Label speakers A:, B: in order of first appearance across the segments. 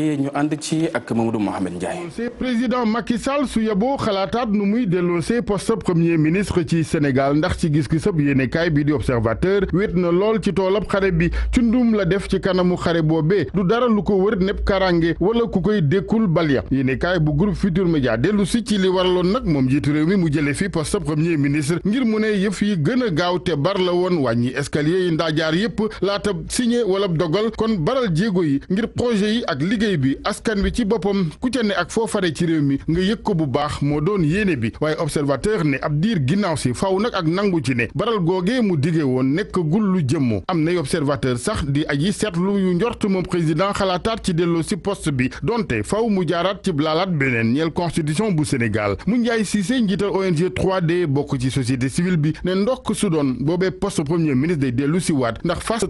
A: ñu ànd ci ak Mamadou Mohamed Ndiaye. président Macky su yeboo xalaataat nu muy delloosee poste premier ministre ci Sénégal ndax ci gis-gisab yéenekaay bi di observateur wét na lool ci toolab xare bi cundum la def ci kanamu xare boobee du dara lu ko wër nepp karange wala ku koy dékkul balya yéenekaay bu groupe Futur Média dellu si ci li waraloon nag moom jiitu réew mi mu jële fi poste premier ministre ngir mu ne yëf yi gën a gaaw te bar la woon wàññi escalier yi ndaajaar yépp laata signé wala dogal kon liggéey bi askan wi ci boppam ku ca ne ak foo fare ci réew mi nga yëg ko bu baax moo doon yéene bi waaye observateur ne ab diir ginnaaw si faw nag ak nangu ci ne baral googee mu dige woon nekk gul lu jëmmoo am nay observateur sax di aji seetlu yu njort moom président xalaataat ci delloo si post bi donte faw mu jaaraat ci blaalaat beneen ñeel constitution bu Sénégal mu njaay Cissé njiital ONG 3D bokk ci société civile bi ne ndokk su doon boobee poste premier ministre dellu si waat ndax fast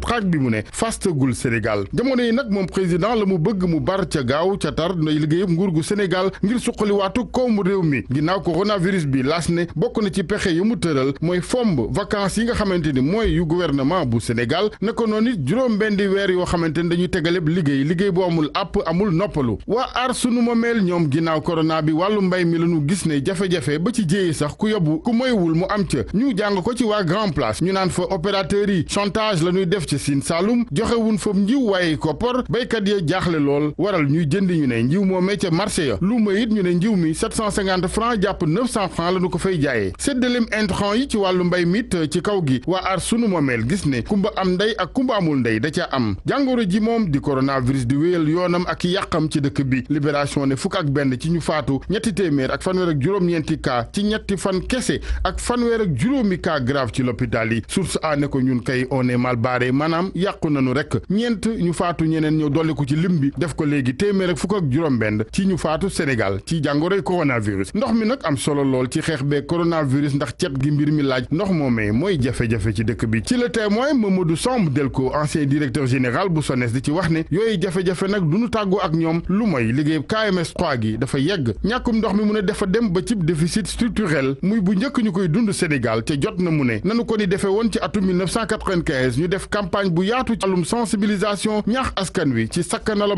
A: bar ca gaaw ca tar na liggéeyub nguur gu Sénégal ngir suqaliwaatu koomu réew mi ginnaaw coronavirus bi laas ne bokk na ci pexe yu mu tëral mooy fomb vacances yi nga xamante ni mooy yu gouvernement bu Sénégal ne ko noonu it juróom-benn weer yoo xamante ni dañuy tegaleb liggéey liggéey bu amul àpp amul noppalu waa aar sunu moomeel ñoom ginnaaw corona bi wàllu mbay mi lañu gis ne jafe-jafe ba ci jéeye sax ku yóbbu ku moyewul mu am ca ñu jàng ko ci waa ñu naan fa opérateurs yi chantage la ñuy def ci Sine Saloum joxewun fa njiw waaye koppar béykat ya jaaxle lool waral ñuy jënd ñu ne njiw moomee ca marché ya lu ma it ñu ne njiw mi 750 francs jàpp 900 francs la ñu ko fay jaayee séddaleem intron yi ci wàllu mbay mit ci kaw gi waa aar sunu moomeel gis ne kumba am ndey ak kumba amul ndey da ca am jàngoro ji moom di coronavirus di wéyal yoonam ak yàqam ci dëkk bi libération ne fukk ak benn ci ñu faatu ñetti téeméer ak fanweer ak juróom-ñeenti cas ci ñetti fan kese ak fanweer ak juróomi cas grave ci l'hôpital yi source a ne ko ñun kay on est mal barré maanaam yàqu nañu rek ñeent ñu faatu ñeneen ñëw dolli ko ci lim bi def ko léegi téeméer ak fukk ak juróom-benn ci ñu faatu Sénégal ci jàngoroy coronavirus ndox mi nag am solo lool ci xeex bee coronavirus ndax cet gi mbir mi laaj ndox moomee mooy jafe-jafe ci dëkk bi ci le témoin Mamadou Samb Delko ancien directeur général bu SONES di ci wax ne yooyu jafe-jafe nag du ñu tàggoo ak ñoom lu mooy liggéey KMS 3 gi dafa yegg ñàkkum ndox mi mu ne dafa dem ba cib déficit structurel muy bu njëkk ñu koy dund Sénégal te jot na mu ne nanu ko ni defee woon ci atum 1995 ñu def campagne bu yaatu ci wàllum sensibilisation ñaax askan wi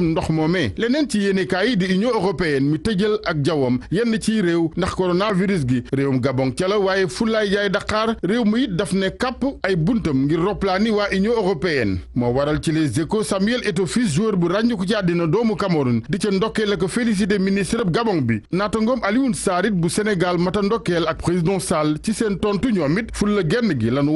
A: ndox moomee leneen ci yéenekaay yi di union européenne mi tëjal ak jawwam yenn ciy réew ndax coronavirus gi réewum Gabon ca la waaye fulaay jaay Dakar réew mu it daf ne kàpp ay buntam ngir roplaani waa union européenne moo waral ci les échos Samuel Eto'o joueur bu ràññiku ci àddina doomu Cameroun di ca ndokkeel ak félicité ministre Gabon bi naatangoom Alioune Sarr it bu Sénégal mata ndokkeel ak président Sall ci seen tontu ñoom it la genn gi lanu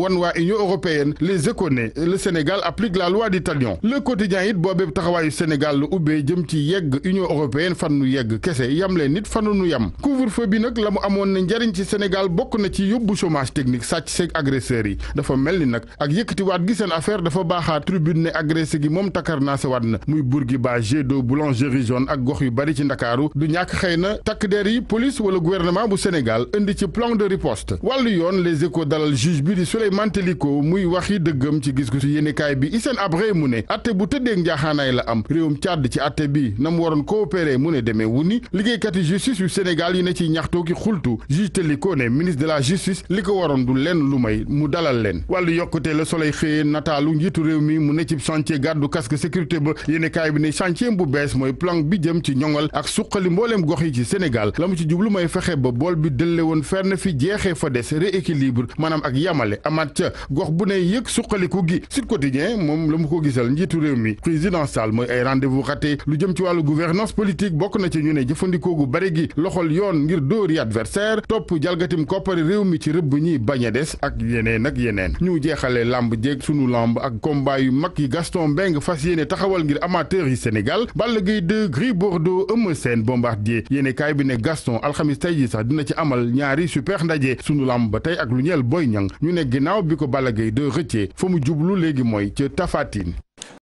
A: la loi du le quotidien it boobee taxawaayu Sénégal lu ubbee jëm ci yegg union européenne fan nu yegg kese yam nit fanu nu yam couvre-feu bi la mu amoon na njariñ ci Sénégal bokk na ci yóbbu chômage technique sàcc seeg agresseurs yi dafa mel ni nag ak yëkkatiwaat gi seen affaire dafa baaxaa tribune ne agressé gi moom takar naa se waat na muy Bourguiba jet d'eau boulangerie jaune ak gox yu bari ci Ndakaaru du ñàkk xëy na takk der yi police wala gouvernement bu Sénégal indi ci plan de riposte wàllu yoon les échos bi di Souleymane Teliko muy waxi bi ci atte bi na mu waroon coopérer mu ne demee wu ni liggéeykat yi justice yu Sénégal yi ne ci ñaxtoo ki xultu juge ko ne ministre de la justice li ko waroon du lenn lu may mu dalal leen wàllu yokkute la Soleil xëyee nataalu njiitu réew mi mu ne ci chantier gàddu casque sécurité ba yéene kaay bi ne chantier bu bees mooy plan bi jëm ci ñoŋal ak suqali mbooleem gox yi ci Sénégal la mu ci jub lu may fexe ba bool bi dëlle woon fenn fi jeexee fa des rééquilibre maanaam ak yamale amaat gox bu ne yëg suqaliku gi Sud Quotidien moom la mu ko gisal njiitu réew mi présidential mooy ay rendez-vous raté woote lu jëm ci wàllu gouvernance politique bokk na ci ñu ne jëfandikoo gu bare gi loxol yoon ngir dóori adversaire topp jalgatim koppari réew mi ci rëbb ñi bañ a des ak yeneen ak yeneen ñu jeexale làmb jéeg sunu làmb ak combat yu mag yi Gaston Mbengue fas yéene taxawal ngir amateur yi Sénégal Balla Gaye 2 Gris Bordeaux Eumeu seen Bombardier yéene kaay bi ne Gaston alxamis tey ji sax dina ci amal ñaari super ndaje sunu lamb ba tey ak lu ñeel booy Niang ñu ne ginnaaw bi ko Balla Gaye 2 rëccee fa mu jublu léegi mooy ca Tapha